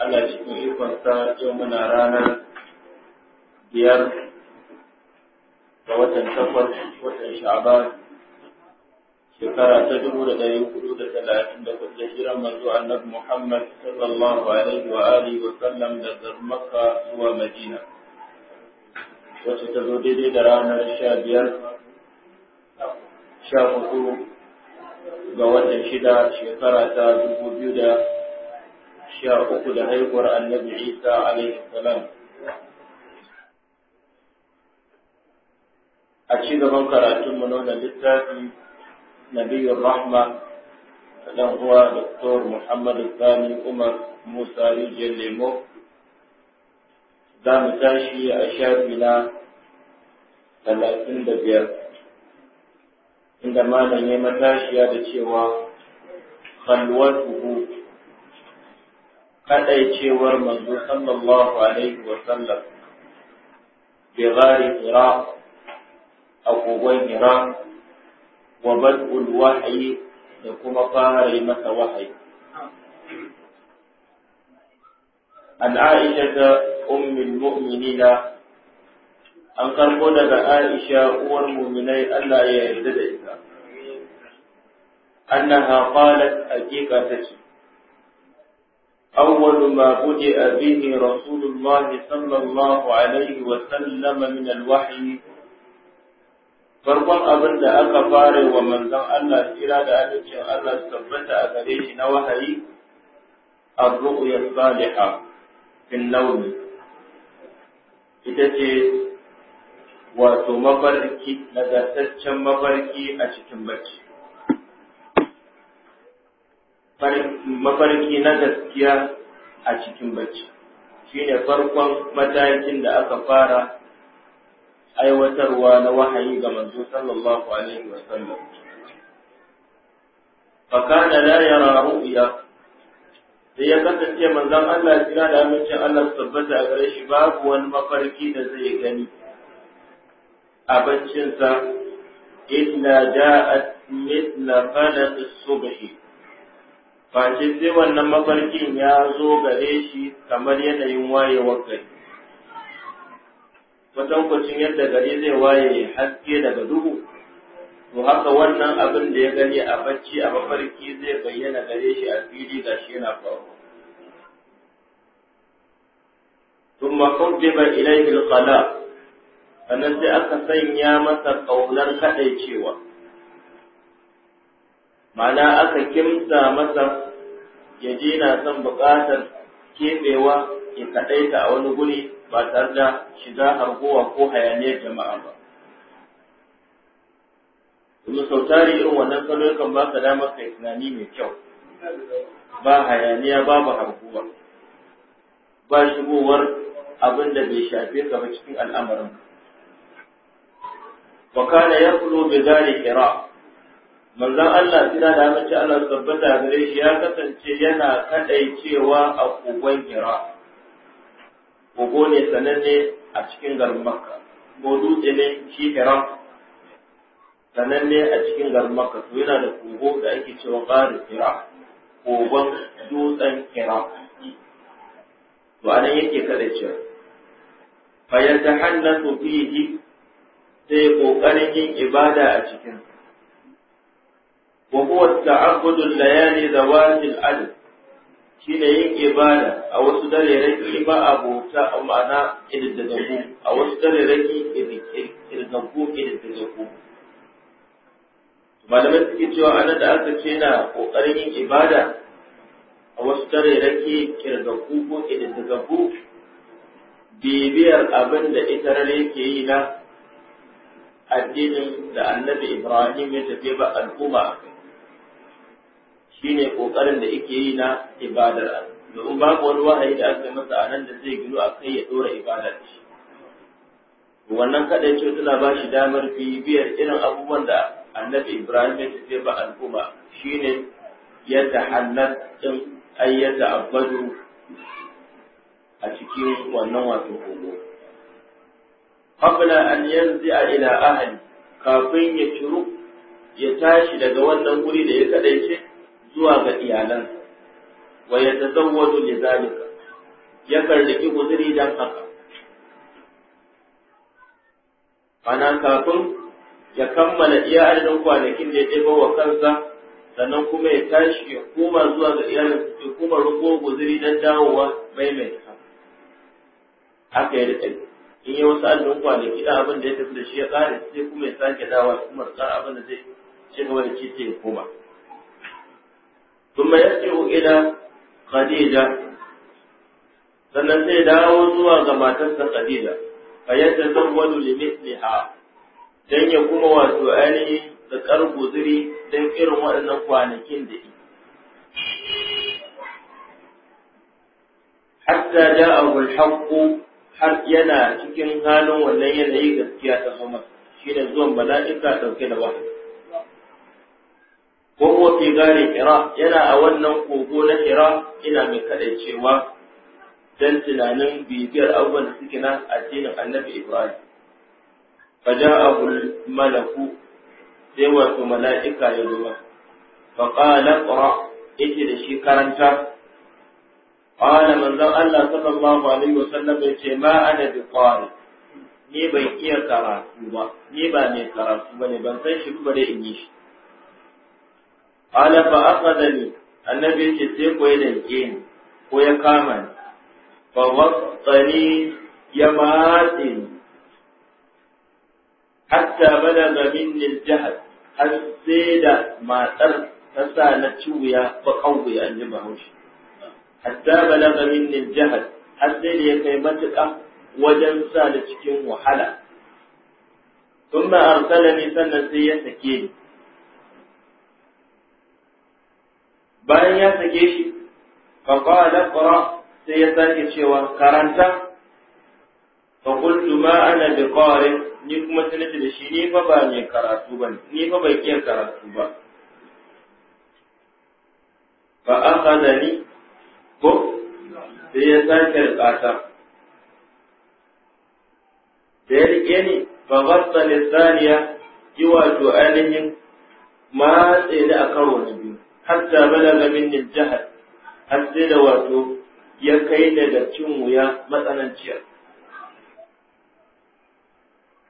Allah cikin ikonsa yau muna ranar biyar ga watan takwas watan sha'ban shekara ta dubu da ɗari hudu da talatin da kuɗi shirin manzo annabi Muhammad sallallahu alaihi wa alihi wa sallam daga Makka zuwa Madina wacce ta zo daidai da ranar sha biyar sha hudu ga watan shida shekara ta dubu biyu da sha uku da haihuwar annabi Isa alaihi A ci gaban mu na wannan littafi Nabiyyar Rahma dan uwa Dr. Muhammad Sani Umar Musa Rijiyar Lemo za mu tashi a shafi na talatin da biyar inda malam ya matashiya da cewa khalwatuhu cewar manzo sallallahu alaihi wa sallam bi gari iraq a kogon iraq wa bad'ul wahyi da kuma fara masa wahayi an aisha ummul mu'minina an karbo daga Aisha uwar muminai Allah ya yarda da ita. Annaha qalat ta tace أول ما بدأ به رسول الله صلى الله عليه وسلم من الوحي farkon abin da aka fara wa manzon Allah tsira da abincin Allah su tabbata a gare shi na wahayi ar-ru'ya salihah fil nawm ita ce wato mafarki nagartaccen mafarki a cikin bacci mafarki na gaskiya a cikin bacci shine farkon matakin da aka fara aiwatarwa na wahayi ga manzo sallallahu alaihi wa sallam fa kana la yara ru'ya sai ya kasance manzon Allah jira da amincin Allah tabbata a gare shi babu wani mafarki da zai gani a baccinsa illa ja'at mithla falaq as-subhi face sai wannan mafarkin ya zo gare shi kamar yanayin wayewar gari kwatankwacin yadda gari zai waye haske daga duhu to haka wannan abin da ya gani a bacci a mafarki zai bayyana gare shi a fili ga shi yana faruwa ثم قرب إليه القلاء sannan sai aka sanya masa ƙaunar kaɗaicewa cewa mana aka kimsa masa ya je na son buƙatar keɓewa ya kaɗaita a wani guri ba tare da shiga harkowa ko hayaniyar jama'a ba. Domin sau tari irin wannan salo kan ba ka damar kai tunani mai kyau, ba hayaniya babu harkowa, ba shigowar abin da bai shafe ka ba cikin al'amarin. Wakana ya kulo bai gane kira manzon Allah tira da mace Allah tabbata gare shi ya kasance yana kadai cewa a kogon Hira kogo ne sananne a cikin garin Makka ko dutse ne shi Hira sananne a cikin garin Makka to yana da kogo da ake cewa Qari Hira kogon dutsen Hira to anan yake kadaicewa fa yatahannatu fihi sai kokarin yin ibada a cikin wa huwa ta'abbudu layali zawati al shi ne yin bada a wasu dare dareraki ba a bauta a ma'ana ku a wasu ku dareraki kididdigaku ku. malamai suke cewa anan da aka ce na kokarin yin ibada a wasu dareraki kirgaku ko kididdigaku bibiyar abin da ita rare ke yi na addinin da annabi Ibrahim ya tafi ba al'umma shine kokarin da yake yi na ibadar domin babu wani wahayi da aka masa a nan da zai gino a kai ya dora ibadar shi wannan kadai ce tana ba shi damar bibiyar irin abubuwan da annabi ibrahim ya tafi ba al'umma shine yadda hannar din ayyata abadu a cikin wannan wato kogo qabla an yanzi'a ila ahli kafin ya turu ya tashi daga wannan guri da ya kadaice zuwa ga iyalansa wa yatazawwaju li zalika ya karɗi guzuri dan haka ana kafin ya kammala iya adadin kwanakin da ya ɗebo wa kansa sannan kuma ya tashi ya koma zuwa ga iyalinsa ya kuma rubo guzuri dan dawowa maimaita haka ya riƙa in yi wasu adadin kwanaki da abin da ya tafi da shi ya ƙare sai kuma ya sake dawa kuma tsar abin da zai ce ga da ci ya koma ثم يرجع إلى خديجة sannan sai dawo zuwa ga matarsa Khadija fa yatazawwadu a mithliha dan ya kuma wato ani da karbu zuri dan irin waɗannan kwanakin da yi hatta ja'ahu al-haqqu yana cikin halin wannan yanayi gaskiya ta zo shine zuwan mala'ika dauke da wahayi وهو في غار حراء يلا أولنا قوبون حراء إلى من كدن شروا دن تنانين بيبير أول سكنا الدين النبي إبراهيم فجاءه الملك سوى ملائكة يلوى فقال اقرأ اجل شي كرنتا قال من ذا الله صلى الله عليه وسلم يقول ما أنا بقال ni ban iya karatu ba ni ba mai karatu bane ban san shi bare in yi shi qala fa akhadani annabi yake sai ko ya danke ni ko ya kama ni fa wasani ya matse ni hatta balaga minni al-jahd har sai da matsar ta sa na ci wuya ba kan wuya an ji bahaushe hatta balaga minni al-jahd har sai da ya kai matuka wajen sa da cikin wahala. Tumma arsalani sannan sai ya sake ni, bayan ya sake shi fa qala qra sai ya sake cewa karanta fa qultu ma ana bi qari ni kuma sai nace da shi ni fa ba mai karatu ba ni fa bai kiyar karatu ba fa akhadani ko sai ya sake rikata da ya rike ni fa wasta lisaniya yi wato ainihin tsaye da a karo na biyu حتى بلغ minni الجهل har sai da wato ya kai daga cin wuya matsananciyar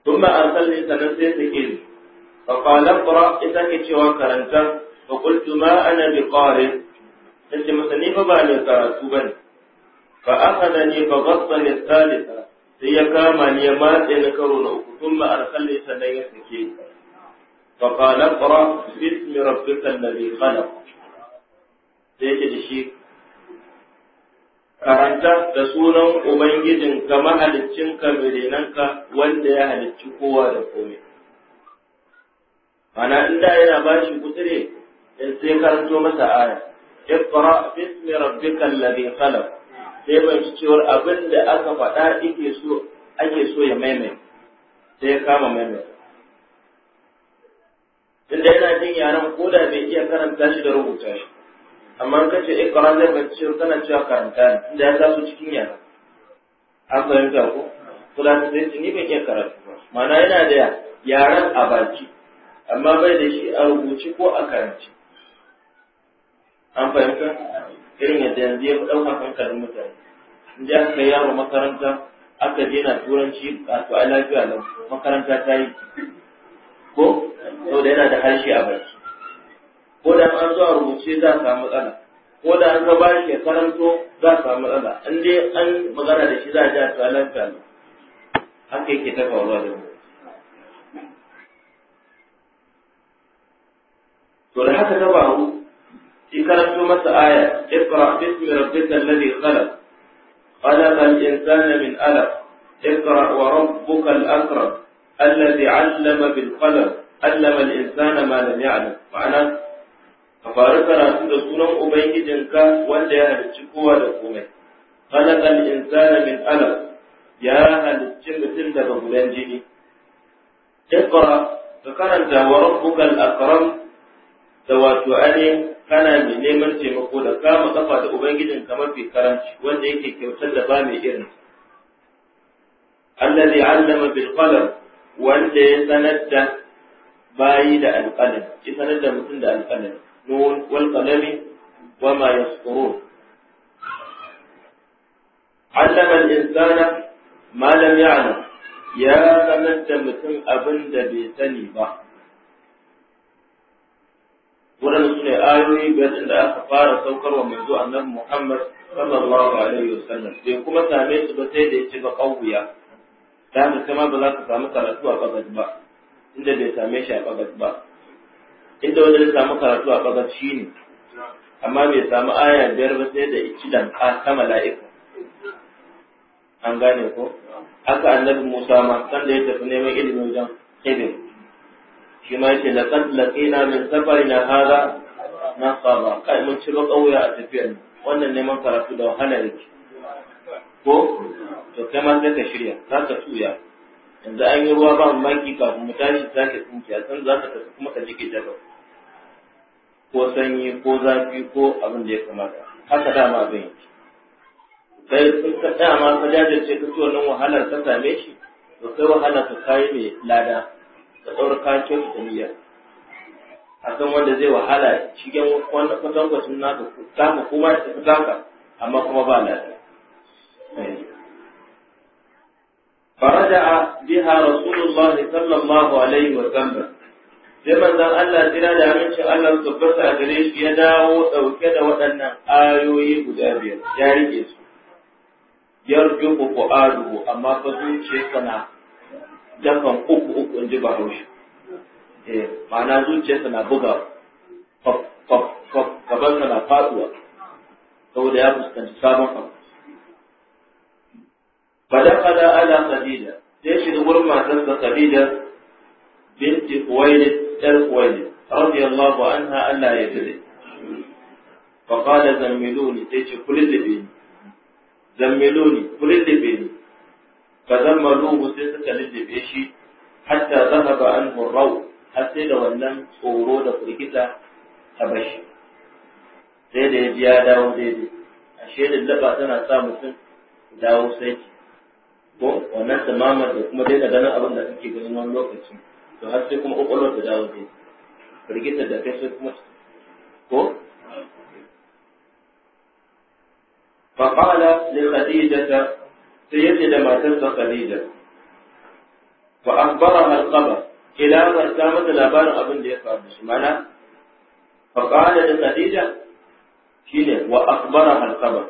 ثم أرسلني سنسيت إذ فقال اقرا اذا كنت وكرنت فقلت ما انا بقارئ انت نسي مسني فبالي كراتوبا فأخذني فغطني الثالثة سيكامني مات إن كرونه ثم أرسلني سنسيت إذ فقال اقرأ باسم ربك الذي خلق sai da shi karanta da sunan ubangijin ka mahaliccinka ka wanda ya halicci kowa da komai ana inda yana ba shi kutsire sai karanto masa aya iqra bismi rabbika alladhi khalaq sai ban ci cewar abin da aka faɗa ake so so ya maimai sai ya kama maimai tunda yana jin yaren ko da bai iya karanta shi da rubuta shi amma in ka ce ikra eh, zai ga cewa kana cewa karanta ne tunda ya taso cikin yaren an fahimta ko kula da zai ni bai iya karatu ba ma'ana yana da yaren a baki amma bai da shi a rubuci ko a karanci an fahimta irin yadda yanzu ya fi ɗaukar hankalin mutane inda aka yaro makaranta aka je na turanci a to ai lafiya lau makaranta ta yi ko da yana da harshe a baki ko da an zo a rubuce za a samu matsala ko da an ba shi karanto za a samu matsala an dai an magana da shi za a ji a tsalan kalu haka yake ta faruwa da mu to da haka ta faru shi karanto masa aya iqra bismi rabbikal ladhi khalaq min alaq من wa rabbuka al-akram الذي علم بالقلم علم الإنسان ما لم يعلم معنى كفارك راسو da sunan ubangijinka wanda ya halicci kowa da komai خلق الانسان من علم يا halicci mutum daga gudan jini اقرا ka karanta wa ربك الاكرم da wato ane kana mai neman taimako da kama kafa da ubangijinka mafi karanci wanda yake kyautar da ba mai irin الذي علم بالقلم wanda ya sanar da bayi da alƙalam ya sanar da mutum da alƙalam nun wal qalami wa ma yasqurun allama al insana ma lam ya'lam ya sanar da mutum abin da bai sani ba Wurin su ne ayoyi biyar da aka fara saukarwa manzo annabi Muhammad sallallahu alaihi wasallam bai kuma same su ba sai da ya ci ba kauya ta haka kama ma ba za ka samu karatu a bagas ba inda bai same shi a bagas ba inda wanda zai samu karatu a bagas shi ne amma bai samu aya biyar ba sai da ici danka ta mala'ika an gane ko haka annabi musa ma san da ya tafi neman ilimin wajen hibir shi ma yace laqad laƙina min hada na saba kai mun ci ba kauya a tafiyar wannan neman karatu da wahala yake ko to kai ma sai ka shirya za ka tuya yanzu an yi ruwa ba mu maki kafin mu tashi za ka tsinkiya san za ka tafi kuma ka jike jabar ko sanyi ko zafi ko abin da ya kamata haka dama abin yake sai sun ka dama ka jajirce ka ci wannan wahalar ta same shi to kai wahala ka kayi mai lada ka ɗaura kayan kyautu da niyyar akan wanda zai wahala cikin wannan kwatankwacin naka kama kuma ya tafi amma kuma ba lafiya فرجع بها رسول الله صلى الله عليه وسلم sai manzan Allah jira da aminci Allah tabbata a gare shi ya dawo dauke da waɗannan ayoyi guda biyar ya rike su yarjuku fu'aduhu amma fa zuciyarsa na dafan uku uku in ji bahaushe eh ma'ana zuciyarsa na buga faf ya fuskanci فدخل على خديجة تشهد ما تنسى خديجة بنت خويلد الخويلد رضي الله عنها ألا يدري فقال زملوني تشهد كل بيني زملوني كل بيني فزملوه سيسك للبيشي حتى ذهب عنه الروح حتى لو أورود فرقتا أبشي تبشي da ya ji ya dawo daidai ashe lallaba tana sa ko wannan tamaman da kuma daina ganin abin da kake ganin wannan lokacin to har sai kuma kwakwalwar ta dawo dai firgitar da kai sai kuma ko fa fa qala li khadija sayyidi da matar sa فقال ila wa ما تنسى خديجة abin da ya faru shi mana fa qala li khadija shine wa شيني وأخبرها الخبر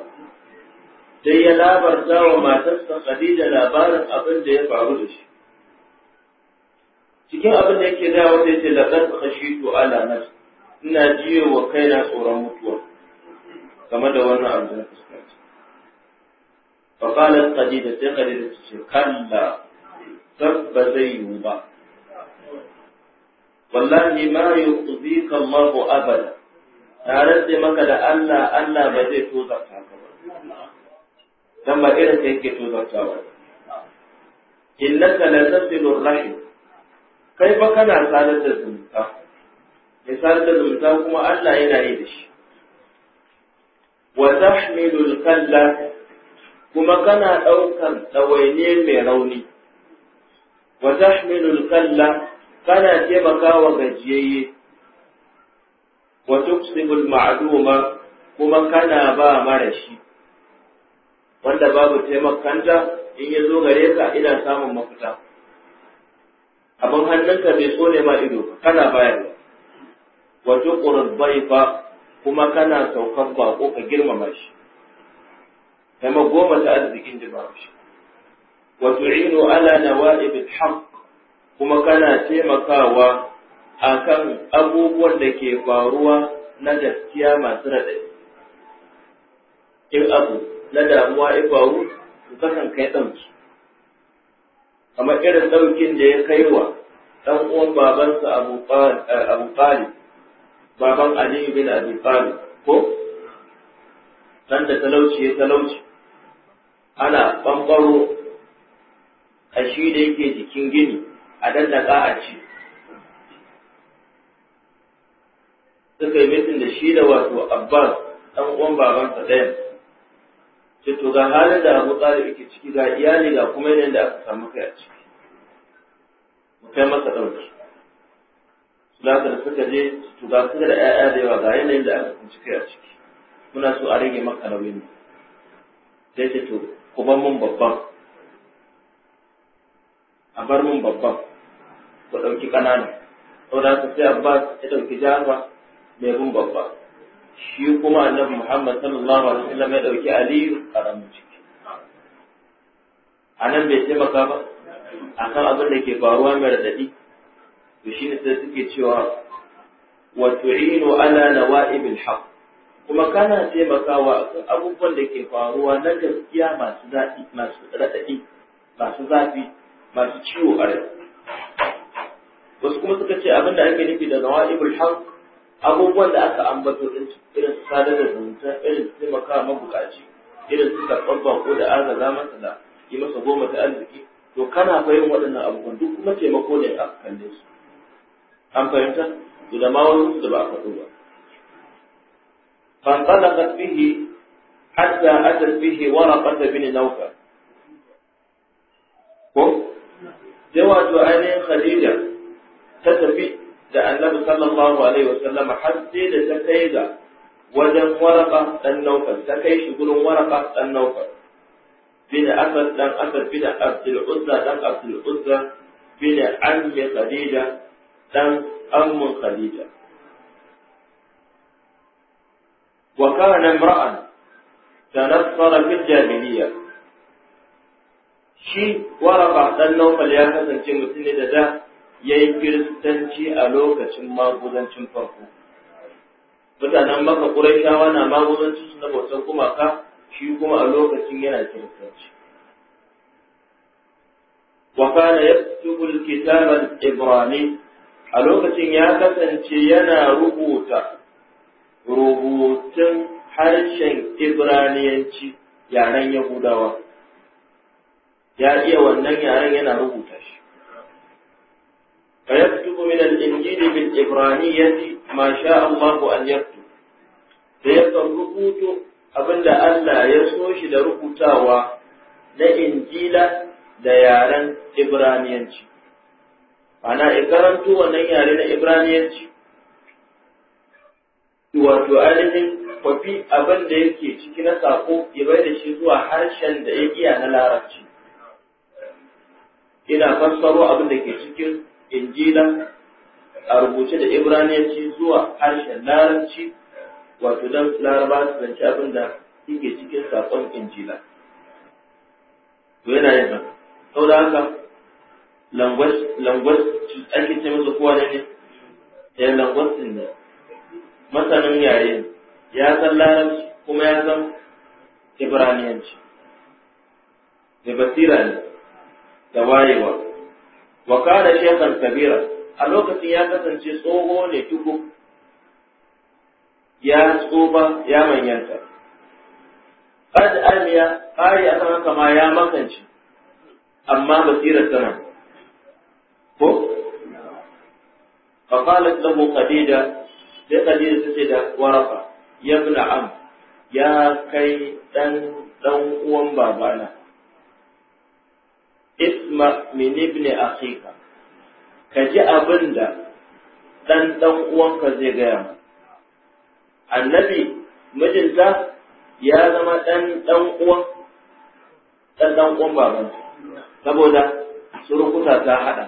dai ya labarta wa matarsa Khadija labarin abin da ya faru da shi. Cikin abin da yake da wata yace kashi to ala nafsi ina jiyo wa kaina tsoron mutuwa game da wannan abin da fuskanci. Fa qalat Khadija sai Khadija ta ce kalla ba zai yi ba. Wallahi ma yuqzika Allahu abada. Tare da maka da Allah Allah ba zai tozarta ka ba. dan ba irin da yake tozartawa innaka la tasilu rahim kai fa kana sanar da zumta ya sadar da zumta kuma Allah yana yi da shi wa tahmilu al-kalla kuma kana daukan dawaine mai rauni wa tahmilu al-kalla kana taimakawa gajiyayye wa tuksibu al maduma kuma kana ba marashi wanda babu taimakanta in ya zo gare ka ina samun mafita abin hannunka bai so ne ma ido kana bayarwa wato ƙurar fa kuma kana saukan bako ka girmama shi kama goma ta arzikin jima'a shi wato rino ala wa'ibin haq kuma kana taimakawa akan abubuwan da ke faruwa na gaskiya masu raɗaɗi in abu na damuwa ya faru kasan kakan kai ɗansu kamar irin ɗaukin da ya kai wa ɗan uwan babansa abu ƙari eh, baban aliyu bin abi ƙari ko ɗan da talauci ya talauci ana ɓanɓaro kashi da yake jikin gini a dandaka a ci suka yi mitin da shi da wato abbas ɗan uwan babansa ɗaya ce to ga halin da abu tsari yake ciki ga iyali ga kuma yanayin da aka samu kai a ciki mu kai masa ɗauki za ka suka je to ga suka da 'ya'ya da yawa ga yanayin da aka kunci kai a ciki muna so a rage maka nauyin sai ce to ku bar mun babban a bar mun babban ku ɗauki ƙanana saboda haka sai abbas ya ɗauki Jaba, mai bin babba shi kuma annabi Muhammad sallallahu alaihi wasallam ya dauki Aliyu karamin ciki anan bai taimaka ba akan abin da ke faruwa mai radadi to shi ne sai suke cewa wa tu'inu ala nawa'ibil haqq. kuma kana taimakawa akan abubuwan da ke faruwa na gaskiya masu zafi masu radadi masu zafi masu ciwo a rai wasu kuma suka ce abin da ake nufi da nawa'ib haqq abubuwan da aka ambato din irin su sadar da zumunta irin su taimaka mabukaci irin su karɓar bako da agaza masa da yi masa goma ta arziki to kana fahim waɗannan abubuwan duk kuma taimako ne aka kalle su an fahimta to da ma wani da ba a faɗo ba فانطلقت به hatta أتت به ورقة bin نوفل ko sai wato ainihin Khadija ta tafi da annabi sallallahu alaihi wasallam har sai da ta kai ga wajen waraka dan naukar ta kai shi gurin waraka dan naukar bin asad dan asad bin abdul uzza dan abdul uzza bin ammi khadija dan ammu khadija wa kana imra'an tanassara fi jahiliyya shi waraka dan naukar ya kasance mutum ne da da ya yi kiristanci a lokacin maguzancin farko mutanen maka ƙuraishawa na maguzancin na bautar gumaka shi kuma a lokacin yana kiristanci wa kana yaktubu alkitaba ibrani a lokacin ya kasance yana rubuta rubutun harshen ibraniyanci yaren yahudawa ya iya wannan yaren yana rubuta shi فيكتب من الإنجيل بالإبرانية ما شاء الله أن يكتب فيبقى الرقوت أبدا أن لا يسوش لرقوتاوا لإنجيل ديارا إبرانيا أنا إكرمت ونيارين إبرانيا wato ainihin kwafi abin da yake ciki na sako ya bai da shi zuwa harshen da ya iya na larabci ina fassaro abin da ke cikin injila a rubuce da ibraniyanci zuwa harshen larabci wato don laraba su zanci abin da suke cikin sakon injila to yana yin haka sau da haka langwas ake ce masa kowa ne eh, ya langwas din ne masanin yare ya san larabci kuma ya san ibraniyanci da basira ne da wayewa wa kana shaykhan kabira a lokacin ya kasance tsoho ne tuku ya tsoba ya manyanta qad a kan haka kama ya makance amma basirar tana ko فقالت له قديدة sai da ta ce da warafa ya am ya kai dan dan uwan babana ma min ibn akhika ka ji abin da ɗan ɗan uwanka zai gaya ma annabi mijinta ya zama ɗan ɗan uwan dan dan uwan baban saboda surukuta ta haɗa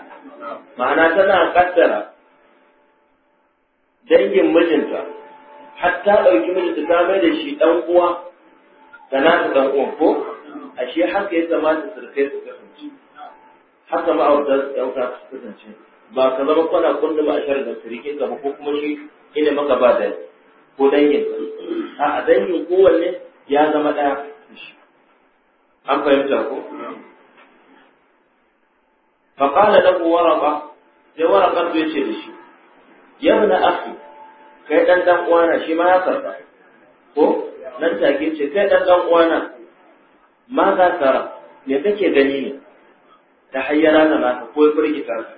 ma'ana tana kaddara dangin mijinta hatta ɗauki mijinta ta mai da shi ɗan uwa da nasa ɗan uwan ko ashe haka ya da surkai su kasance haka ma'aurata a ɗauka su kasance ba ka zama kwana kundin ba a shirin da turiki ka ba ko kuma shi ina maka ba da ko dangin a dangin kowanne ya zama ɗaya an fahimta ko فقال له ورقة sai warakar ya ce da shi ya na afi kai dan dan uwana shi ma ya karba ko nan take ce kai dan dan uwana ma za ka me kake gani ne ta hayyana da nata ko firgita su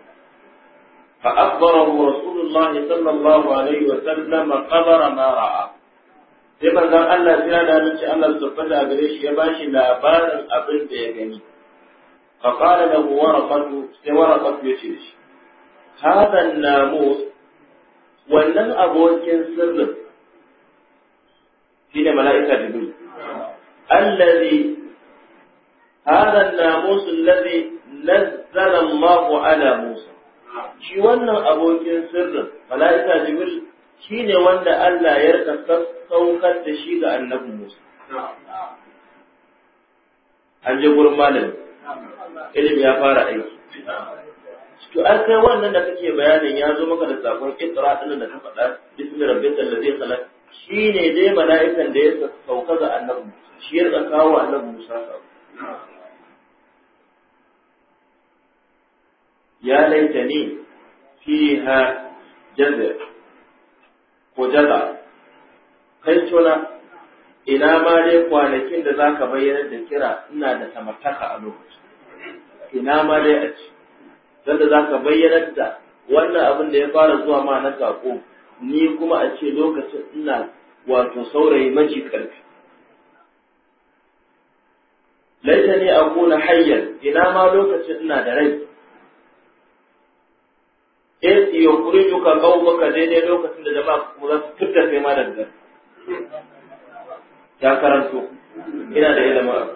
fa akhbarahu rasulullah sallallahu alaihi wa sallam qabara ma ra'a sai manzon Allah ya da mace Allah subhanahu gare shi ya bashi labarin abin da ya gani fa qala lahu warqatu sai ya ce. shi hada namus wannan abokin sirrin shine mala'ika jibril allazi hada namus allazi nazzala Allahu ala Musa shi wannan abokin sirrin malaika Jibril shine wanda Allah ya rika saukar da shi ga annabi Musa an je gurin Malam, ilimi ya fara aiki to an kai wannan da kake bayanin ya zo maka da sakon kitra din da ka faɗa bismi rabbikal allazi khalaq shine dai mala'ikan da ya sauka ga annabi shi ya kawo annabi Musa sabo ya ليتني فيها jazir ko jaza kai tuna ina ma dai kwanakin da za ka bayyanar da kira ina da samartaka a lokaci ina ma dai a sanda za ka bayyanar da wannan abin da ya fara zuwa ma na saƙo ni kuma a ce lokacin ina wato saurayi maji ƙarfi laita ne a kuna hayyar ina ma lokacin ina da rai in yukhrijuka maka daidai lokacin da jama'a kuma za su fitta ma daga ya karanto ina da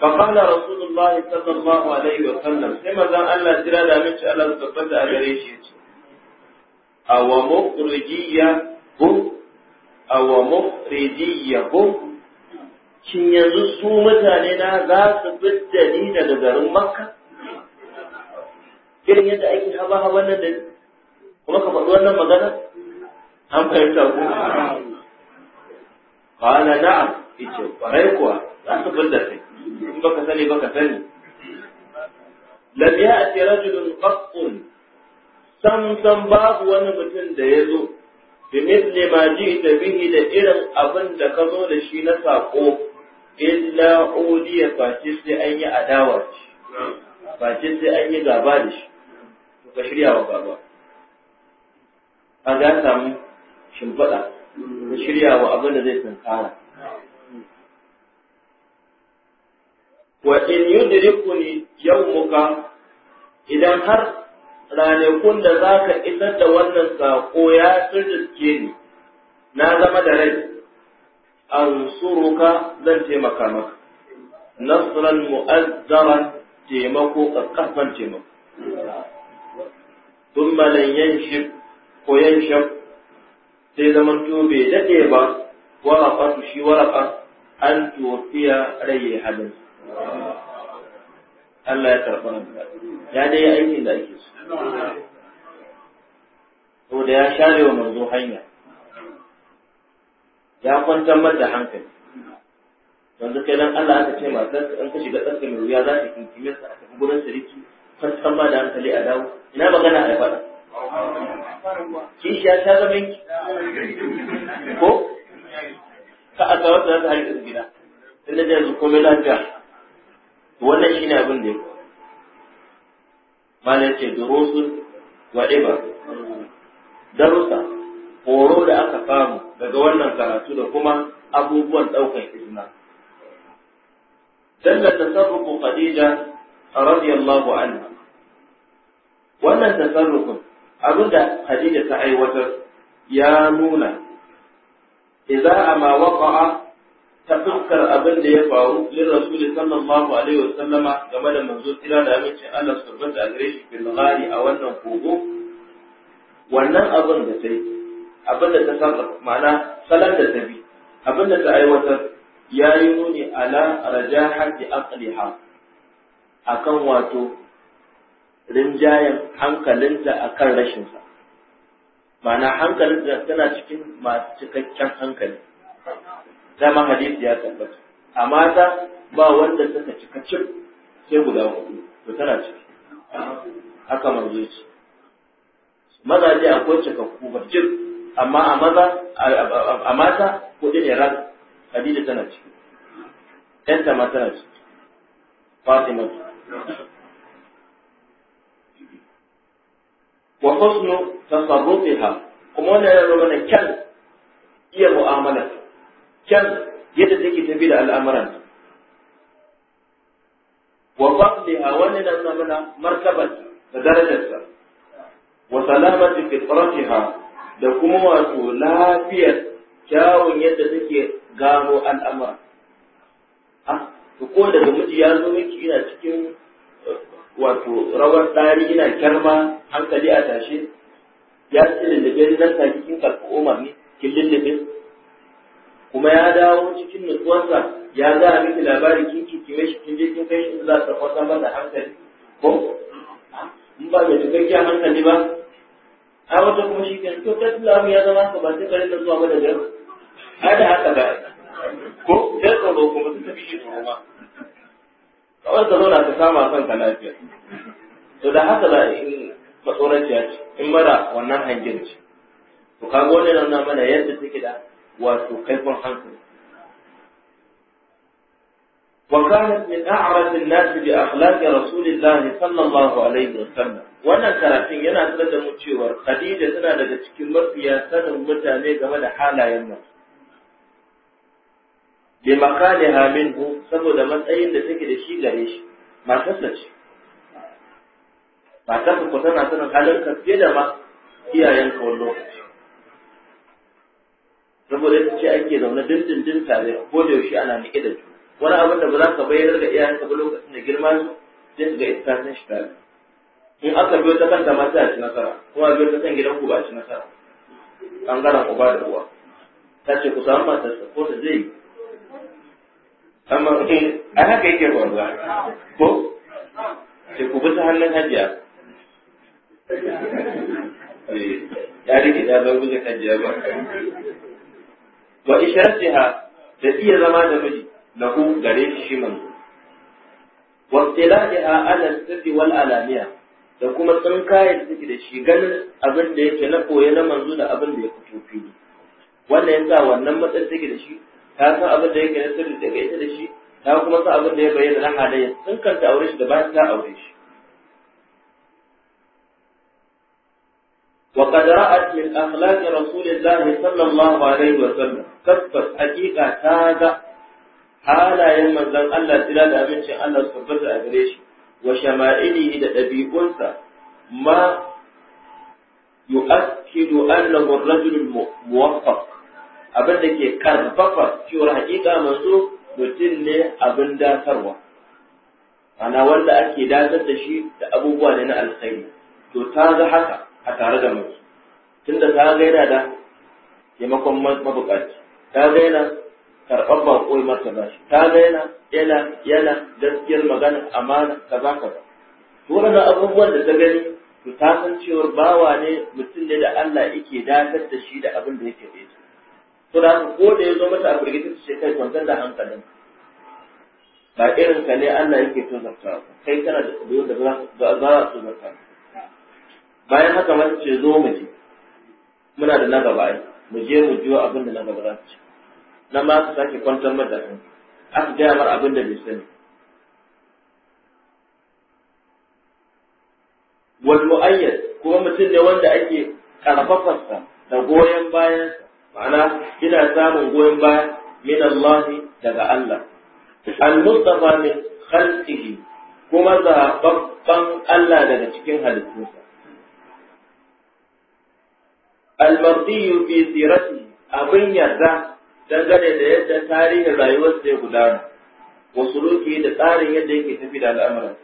فقال رسول الله صلى الله عليه وسلم كما ذا الله ترى دا من شاء الله او مخرجيه او مخرجيه هم shin yanzu su mutane na za su fidda ni daga garin irin yadda ake haba haban nan da kuma ka faɗi wannan magana an fahimta ko qala na'am yace kwarai kuwa za su bulda kai in baka sani baka sani lam ya'ti rajulun qattun sam sam babu wani mutum da ya zo bimithli ma ji'ta bihi da irin abin da ka zo da shi na sako illa uliya face sai an yi adawa ce sai an yi gaba da shi ba shirya wa faruwa a ga samu shimfiɗa Ka shirya wa abin da zai tunkara wa in yau muka idan har ranakun da ka isar da wannan sako ya riske ni na zama da rai ansuruka zan taimaka maka nasran mu'azzaran taimako kakkafan taimako ثم لن ينشب ko yanshab sai zaman to bai dade ba warafatu shi warafa an tuwafiya rayi halin Allah ya karɓa nan ya dai yi aikin da ake so to da ya share wa manzo hanya ya kwantar mata hankali yanzu kai dan Allah aka ce matar in ka shiga tsarkin ruwa za ta kinkime sa a tafi gurin sarki kwantar ma da hankali a dawo ina magana a faɗa kishiya ta zama ki ko ka a tsawon da za ta gida tun da yanzu komai lafiya wannan shi ne abin da ya kuwa malar ce durusun wa iba darussa horo da aka samu daga wannan karatu da kuma abubuwan ɗaukar izina. Dalla tasarrufu Khadija radiyallahu anha wannan tasarrufin abinda Khadija ta aiwatar ya nuna idza ma waqa'a ta fuskar abin ya faru lin rasul sallallahu alaihi wasallama game da manzo kira da amincin Allah subhanahu gare shi bil ghari a wannan kogo wannan abin da tai abin da ta sarrafa ma'ana salan da ta bi ta aiwatar ya yi nuni ala akan wato rinjayen hankalinta akan rashinsa ma'ana hankalinta tana cikin masu cikakken hankali dama hadisi ya tabbata a mata ba wanda suka cika cin sai guda hudu to tana ciki haka manzo ce dai akwai cikakku ba cif amma a maza a mata hudu ne ran hadisi tana ciki ɗanta ma tana ciki fatima wa husnu tasarrufiha kuma wannan yana nuna mana kyan iya mu'amala kyan yadda take tafi da al'amuran wa fadliha wannan yana nuna mana martabar da darajarsa wa salamati fitratiha da kuma wato lafiyar kyawun yadda take gano al'amuran. to ko daga miji ya zo miki ina cikin uh, wato rawar ɗari ina kyarma hankali a tashe ya ce da ni nan cikin karfi umar ne kin lullube kuma ya dawo cikin nutsuwarsa ya za a miki labari kin mai shi kin je kin kai shi za ta kwata da hankali ko in ba mai cikakken hankali ba a wata kuma shi kan to ta ya zama ka ba sai ka da zuwa ba da gaba ai da haka ba ko sai tsaro kuma sun tafi shi tsoro ma kawai tsaro na ta kama kanka lafiya to da haka za in matsoranciya ce in mara wannan hangen ce to kaga wani nuna mana yadda take da wato kaifin hankali وكانت من أعرف الناس بأخلاق رسول الله صلى الله عليه وسلم wannan karatun yana sanar da mu cewar Khadija tana daga cikin mafiya sanin mutane game da halayen nan bi makaliha minhu saboda matsayin da take da shi gare shi matarsa ce matarsa ko tana sanin ka fiye da ma iyayenka wani lokaci saboda ita ce ake zaune din tare ko da yaushe ana nike da juna wani abin da ba za ka bayyana ga iyayenka ba lokacin da girma su sai su ga ita sun shi tare in aka biyo ta kanta ma sai ci nasara kuma biyo ta kan gidan ku ba a ci nasara ɓangaren uba da uwa ta ce ku samu matarsa ko ta zai yi amma a haka yake faruwa ko sai ku bi ta hannun hajiya eh, ya rike ya zan gudun hajiya ba wa isharatiha da iya zama da miji na lahu gare shi shi manzo wa tilaha ala sirri wal Alamiya da kuma tsinkaye da take da shi ganin abin da yake na koye na manzo da abin da ya fito fili wannan yasa wannan matsayin take da shi ka san abin da yake na sirri da ita da shi ta kuma san abin da ya bayyana na halayya. sun kanta aure shi da ba ta aure shi wa qad ra'at min akhlaq rasulillahi sallallahu alaihi wa sallam kaffat haqiqa ta ga halayen manzon Allah tira da abinci Allah su tabbata a gare shi wa shama'ilihi da dabi'unsa ma يؤكد أنه الرجل الموفق abin da ke karfafa cewar hakika manzo mutum ne abin datarwa ana wanda ake datar da shi da abubuwa ne na alkhairi to ta ga haka a tare da tun tunda ta ga yana da taimakon mabukaci ta ga yana karɓar marta ba shi ta ga yana yana yana gaskiyar magana amana za kaza to wannan abubuwan da ta gani to ta san cewar bawa ne mutum ne da Allah yake datar da shi da abin da yake daidai ko ko da ya zo mata a firgita su ce kai kwanzan da hankalin ba irin ka ne Allah yake so zarta kai kana da tsoro da za a su zarta bayan haka mata ce zo mu je muna da na gaba ai mu je mu jiyo abin da na gaba za su ci na ma su sake kwantar mata hankali aka gaya mar abin da bai sani wal mu'ayyad kuma mutum ne wanda ake karfafarsa da goyon bayansa ma'ana ina samun goyon baya min Allah daga Allah al-mustafa min khalqihi kuma zababban Allah daga cikin halittunsa al-mardiyu fi sirati abin yarda dangane da yadda tarihin rayuwarsa ya gudana wasu da tsarin yadda yake tafi da al'amuransa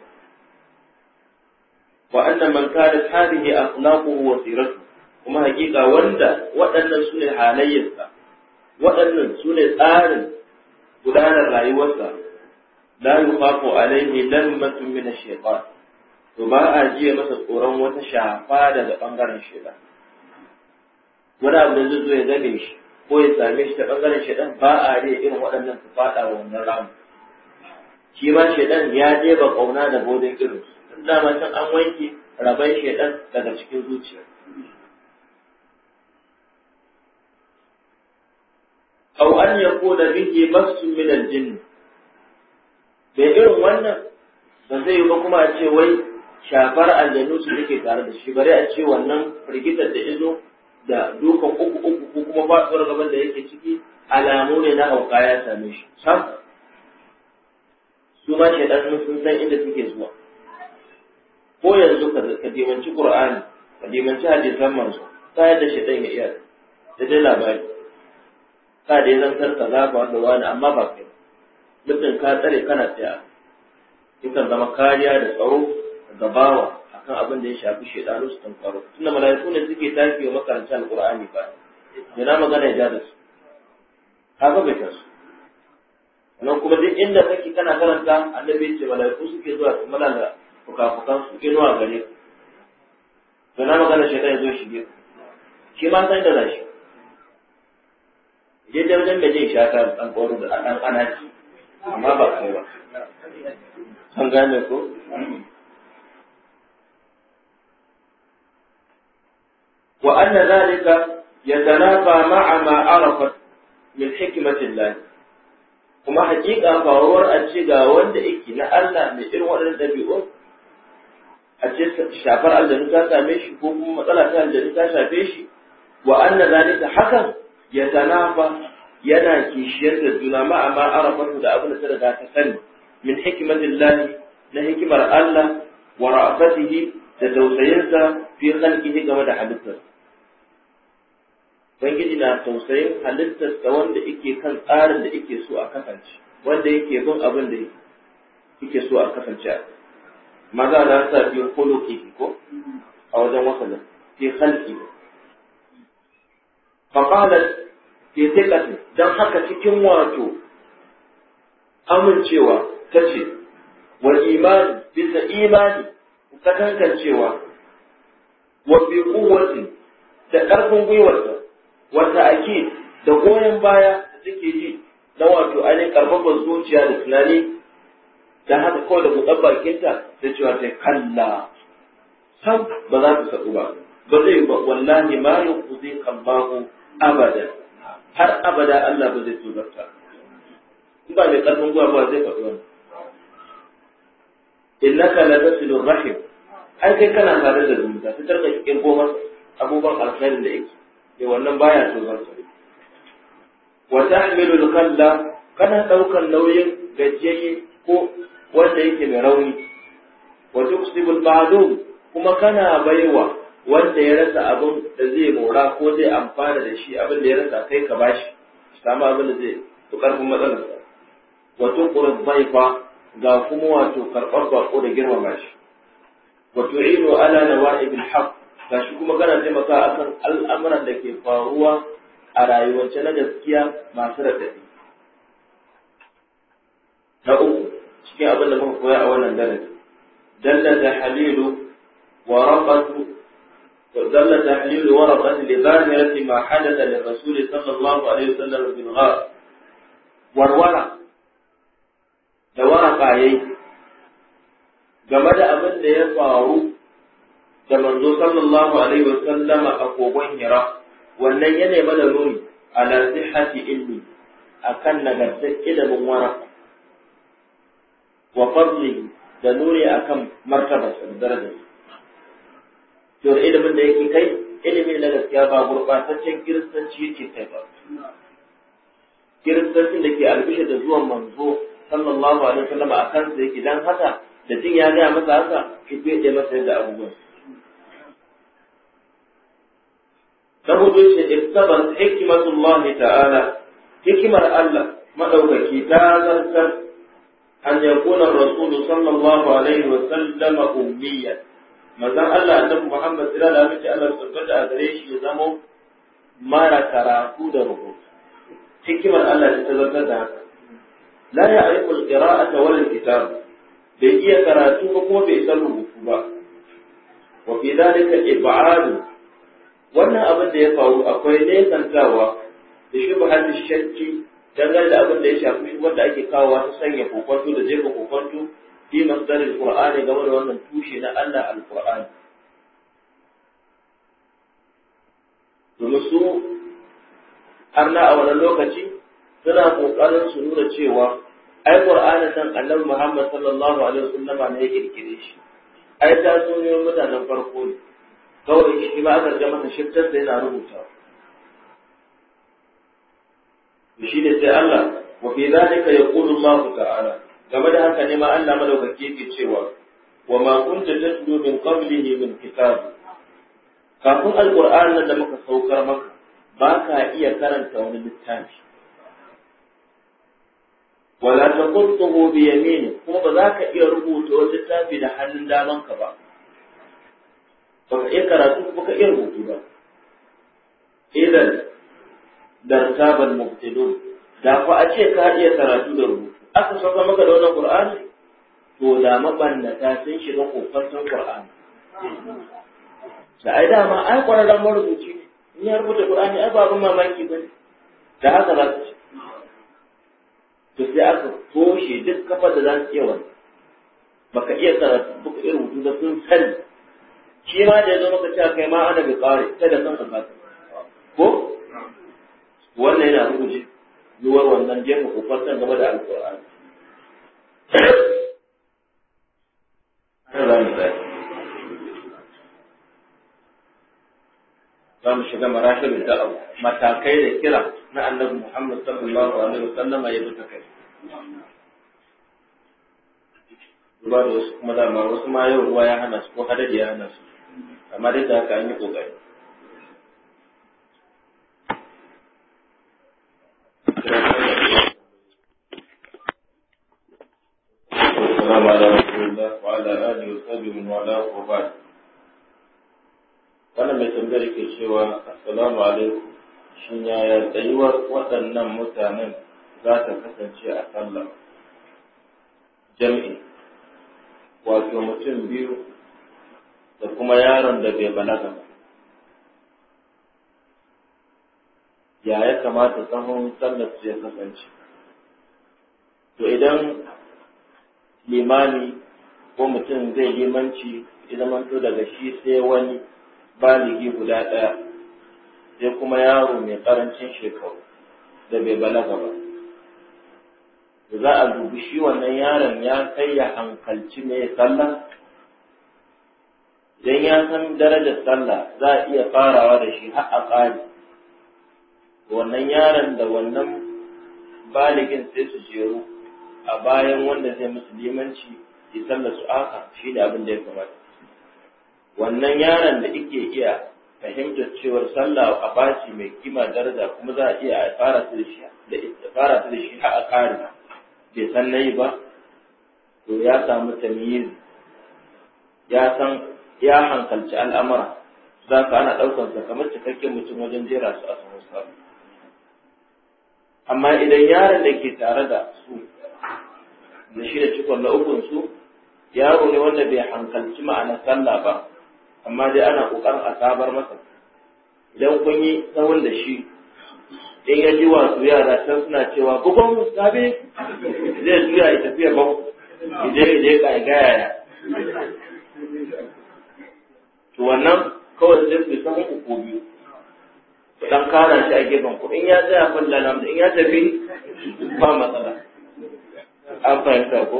wa annan man kana hadhihi akhlaquhu wa siratuhu kuma hakika wanda waɗannan su ne halayyarsa waɗannan su ne tsarin gudanar rayuwarsa la yukhafu alaihi lammatun min ash-shaytan to ba a jiya masa tsoron wata shafa daga bangaren shaytan wani abu da zai zo ya game shi ko ya same shi ta bangaren shaytan ba a riya irin waɗannan su fada wa wannan ramu shi ma shaidan ya ba ƙauna da bodin irin dama can an wanke raban shaidan daga cikin zuciya أو أن يكون به مس من الجن bai irin wannan ba zai yi ba kuma a ce wai shafar aljanu su take tare da shi bari a ce wannan rigitar da izo da dukan uku uku ko kuma faɗuwar gaban da yake ciki alamu ne na hauka ya same shi sam su ma shaidan sun san inda suke zuwa ko yanzu ka dimanci qur'ani ka dimanci hadisan manzo ta yadda shaidan ya iya da dai labari ka dai zantar ka zaga wanda wani amma ba kai mutum ka tsare kana tsaya yakan zama kariya da tsaro ga bawa akan abin da ya shafi shaidanu su tankwaro tunda mala'iku ne suke tafi wa makarantar alqur'ani ba yana magana ya da su ga bai tasu nan kuma duk inda kake kana karanta annabi ya ce mala'iku suke zuwa su malala fukafukan su inuwa gare ku yana magana shaidan ya zo shige ku shi ma san da za shi je dangan da zai sha ta dan koro da dan anaki amma ba kai ba an gane ko wa anna zalika yatanafa ma'a ma arafa min hikmatillah kuma hakika faruwar a ce ga wanda yake na Allah mai irin waɗannan ɗabi'un a ce shafar aljanu ta same shi ko kuma matsala ta aljanu ta shafe shi wa anna zalika hakan ya tanafa yana kishiyar da juna ma amma arafatu da abin da ta riga ta sani min hikmatillahi na hikimar Allah wa ra'afatihi da tausayinsa fi khalqihi game da halittar Ubangiji na tausayin halittar da wanda yake kan tsarin da yake so a kasance wanda yake bin abin da yake so a kasance maza da sa fi khuluqihi ko a wajen wasalin fi khalqihi فقالت fi dan haka cikin wato amincewa tace wa imani bisa imani ka tantancewa wa bi quwwati da ƙarfin gwiwarsa wata ake da goyon baya da take ji na wato ainihin ƙarfafar zuciya da tunani da haka kawai da buɗar bakinta da cewa ta kalla sam ba za ta saɓu ba ba zai ba wallahi ma yi kuzi kan abadan har abada Allah ba zai tozarta in ba mai karfin gwa ba zai faɗi wani ka la tasilu rahim ai kai kana tare da zumunta sai tarka cikin goma abubuwan alkhairin da yake eh wannan baya tozarta wa tahmilu al-qalla kana daukan nauyin gajiyayye ko wanda yake mai rauni wa tuksibu al madum kuma kana baiwa wanda ya rasa abin da zai mora ko zai amfana da shi abin da ya rasa kai ka bashi samu abin da zai fi karfin matsalarsa wato ƙurin zaifa ga kuma wato karɓar baƙo da girmama shi wato ilo ala na wa'ibil haq ga shi kuma kana taimaka akan al'amuran da ke faruwa a rayuwance na gaskiya masu raɗaɗi na uku cikin abin da muka koya a wannan darasi da halilu wa rabatu وذل تحليل ورقة لظاهرة ما حدث للرسول صلى الله عليه وسلم في الغار warwara da waraka yayi game da abin da ya faru da manzo sallallahu alaihi wa sallama a kogon hira wannan ya nema da nuni ala sihhati ilmi akan nagartar ilimin waraka wa fadli da nuni akan martabarsa da darajarsa to ilimin da yake kai ilimi na gaskiya ba gurbataccen kiristanci yake kai ba kiristancin da ke albishir da zuwan manzo sallallahu alaihi wasallam a kansa yake dan haka da tun ya gaya masa haka ki fede masa yadda abubuwan da hudu ce iktabar hikimatullahi ta'ala hikimar Allah madaukaki ta zartar an yakuna rasulu sallallahu alaihi wasallam ummiyan manzon Allah annabi Muhammad sallallahu alaihi wasallam Allah tabbata a gare shi ya zama mara karatu da rubutu hikimar Allah ta tabbatar da haka la ya'rifu al-qira'ata wal kitab bai iya karatu ba kuma bai san rubutu ba wa fi dalika ib'ad wannan abin da ya faru akwai ne santawa da shubhat shakki dangane da abin da ya shafi wanda ake kawowa ta sanya kokonto da jefa kokonto fi masdarin qur'ani game da wannan tushe na Allah alqur'ani domin su har na a wani lokaci suna kokarin sunura cewa ai qur'ani san annabi Muhammad sallallahu alaihi wasallam ne ya kirkire shi ai ta sunan mutanen farko ne kawai shi ba aka ga masa shiftar da yana rubuta shi ne sai Allah wa fi zalika yaqulu Allah ta'ala game da haka ne ma Allah madaukaki yake cewa wa ma kunta tatlu min qablihi min kitab kafin alqur'an da muka saukar maka ba ka iya karanta wani littafi wala taqutuhu bi yamini kuma ba za ka iya rubuta wani littafi da hannun damanka ba ba ka iya karatu ba ka iya rubutu ba idan dartaban mubtilun da fa a ce ka iya karatu da rubutu aka sauka maka da wannan Qur'ani to da mabannata sun shiga kofartan Qur'ani da ai dama ai kwararren marubuci ne in ya rubuta Qur'ani ai ba mamaki bane da haka za su to sai aka toshe duk kafar da za su iya wani baka iya karatu baka iya rubutu da sun sani shi ma da ya zo maka cewa kai ma ana bi kare kada san ka ko wannan yana rubuce yiwuwar wannan jefa kokwanton game da alkur'ani za mu shiga marahilin da'awa matakai da kira na annabi Muhammad sallallahu alaihi wasallama ya duka kai duba da wasu kuma dama wasu ma yau ruwa ya hana su ko hadari ya hana su amma duk da haka an yi kokari sabi min ko ba wannan mai tambayar ke cewa assalamu alaikum shin yaya tsayuwar waɗannan mutanen za ta kasance a sallah Jami, wato mutum biyu da kuma yaron da bai balaga ba ya kamata tsawon sallar ya kasance to idan limani ko mutum zai limanci ya to daga shi sai wani baligi guda ɗaya sai kuma yaro mai ƙarancin shekaru da bai balaga ba za a dubi shi wannan yaron ya kai ya hankalci mai sallah idan ya san darajar sallah za a iya farawa da shi har a ƙari wannan yaron da wannan baligin sai su jeru a bayan wanda zai musu limanci yi sallar su aka shi da abin da ya kamata wannan yaron da ike iya fahimtar cewar sallah a baci mai kima daraja kuma za a iya fara su da shi da fara su da shi a kare bai san nayi ba to ya samu tamyiz ya san ya hankalci al'amura za ka ana ɗaukar sa kamar cikakken mutum wajen jera su a samu amma idan yaron da ke tare da su da shi da cikon na ukun su yaro ne wanda bai hankalci ma'anar sallah ba amma dai ana ƙoƙarin a sabar masa idan kun yi tsawon da shi in ya ji wasu yara can suna cewa gugun musabe zai juya ya tafiya ba ije ije ka gaya ya to wannan kawai zai fi san uku ko biyu ku dan kara shi a gefen ku in ya tsaya fallala in ya tafi ba matsala an fahimta ko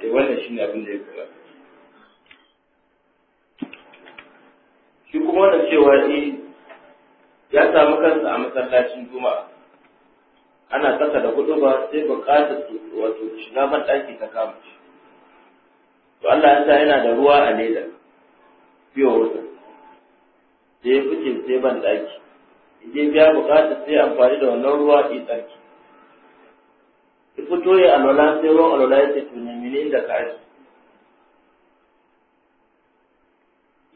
E, wannan shi ne abin da ya kula shi kuma wannan cewa eh ya samu kansa a masallacin juma'a ana saka da hudu ba sai buƙatar wato shiga ban ta kama shi to Allah ya sa yana da ruwa a leda biyo wata sai ya fice sai ban daki idan biya bukatar sai amfani da wannan ruwa a tsarki ya fito ya alwala sai ruwan alwala ya ce tuni mini inda ka aji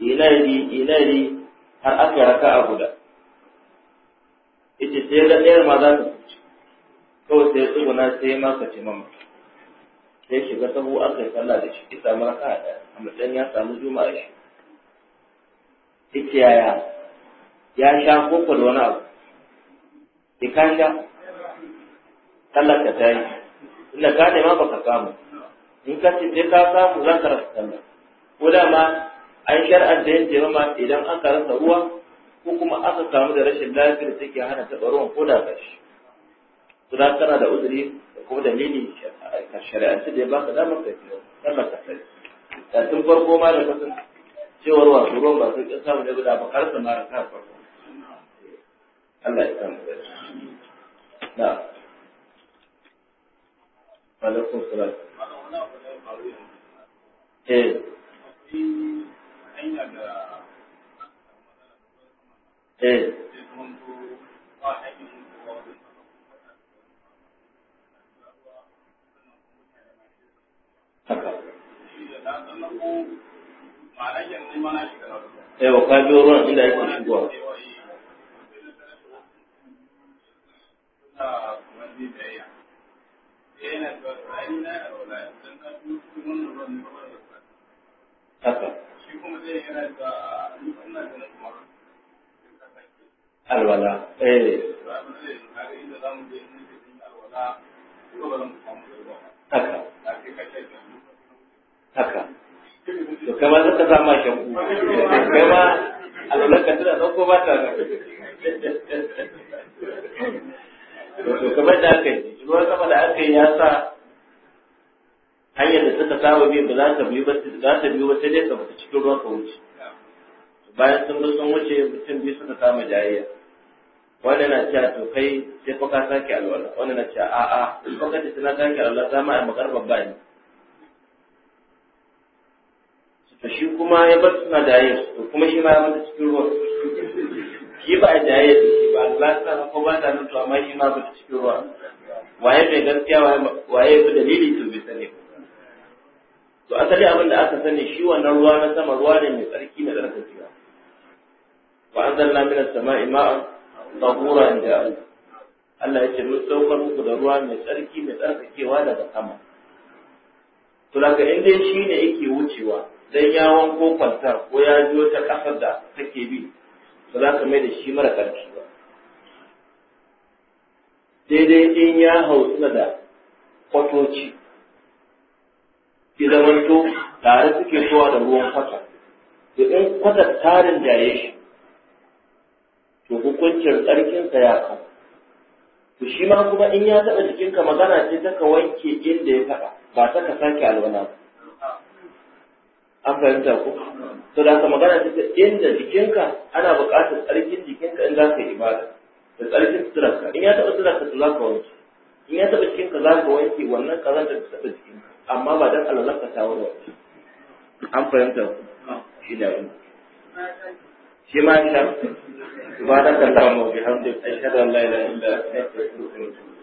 ilari ilari har aka yi raka a guda ita sai ga ɗayar ma za ta fice kawai sai tsuguna sai ma ka ce mama sai shiga sahu aka yi sallah da shi ya samu raka a ɗaya a matsayin ya samu juma'a shi ita yaya ya sha kofar wani abu ya eh, ka sha sallar ka ta tunda ka nema baka samu in ka ce ka samu za ka rasa sallah ko da ma an shar'ar da yake ma idan aka rasa ruwa ko kuma aka samu da rashin lafiyar da take hana taɓa ruwan ko da gashi to da kana da uzuri da kuma dalili ka shari'ance da ya baka damar ka yi sallah ka sai da tun farko ma da kasan cewar wasu ruwan ba ka samu da guda ba karsa ma da farko Allah ya samu da shi na'am alaikum alwala eh. haka to kama za ka sama shan ku kai ma alwala ka tana dauko ba ta nan to kamar da aka yi ruwan sama da aka yi ya sa hanyar da suka saba bi ba za ta biyu ba za ta biyu ba sai dai ka fita cikin ruwan ka wuce bayan sun bi sun wuce mutum biyu suka kama jayayya wanda na cewa to kai sai fa ka sake alwala wanda na cewa a'a fa ka ce sake alwala za ma a makarbar ba ne to shi kuma ya bar suna jayayya to kuma shi ma ya mata cikin ruwan shi ba a jayayya da shi ba Allah ta ko ba ta mutu amma shi ma ta cikin ruwan waye mai gaskiya waye ku dalili to bisa sani ba to asali abin da aka sani shi wannan ruwa na sama ruwa ne mai tsarki mai tsarkakewa wa anzalna minas sama'i ma'an tahura da Allah ya ce mun saukar muku da ruwa mai tsarki mai tsarkakewa daga sama to daga inda dai shi ne yake wucewa dan yawon ko kwantar ko ya biyo ta kasar da take bi ba za ka mai da shi mara ƙarfi ba daidai in ya suna da kwatoci ki zamanto tare suke zuwa da ruwan kwata idan kwatar tarin da ya shi to hukuncin tsarkinsa ya kan to shi ma kuma in ya taɓa jikinka magana ce ta ka wanke inda ya taɓa ba ta ka sake alwana ba an fahimta ku to da ka magana ce ta inda jikinka ana buƙatar tsarkin jikinka in za ka yi ibada da tsarkin suturarka in ya taɓa suturarka to za ka wanke in ya taɓa jikinka za ka wanke wannan ƙazantar da taɓa jikinka amma ba dan alwalar ka tawo ba an fahimta shi da yin shi ma shi sha subhanaka allahumma wa bihamdika ashhadu an la ilaha illa anta astaghfiruka wa atubu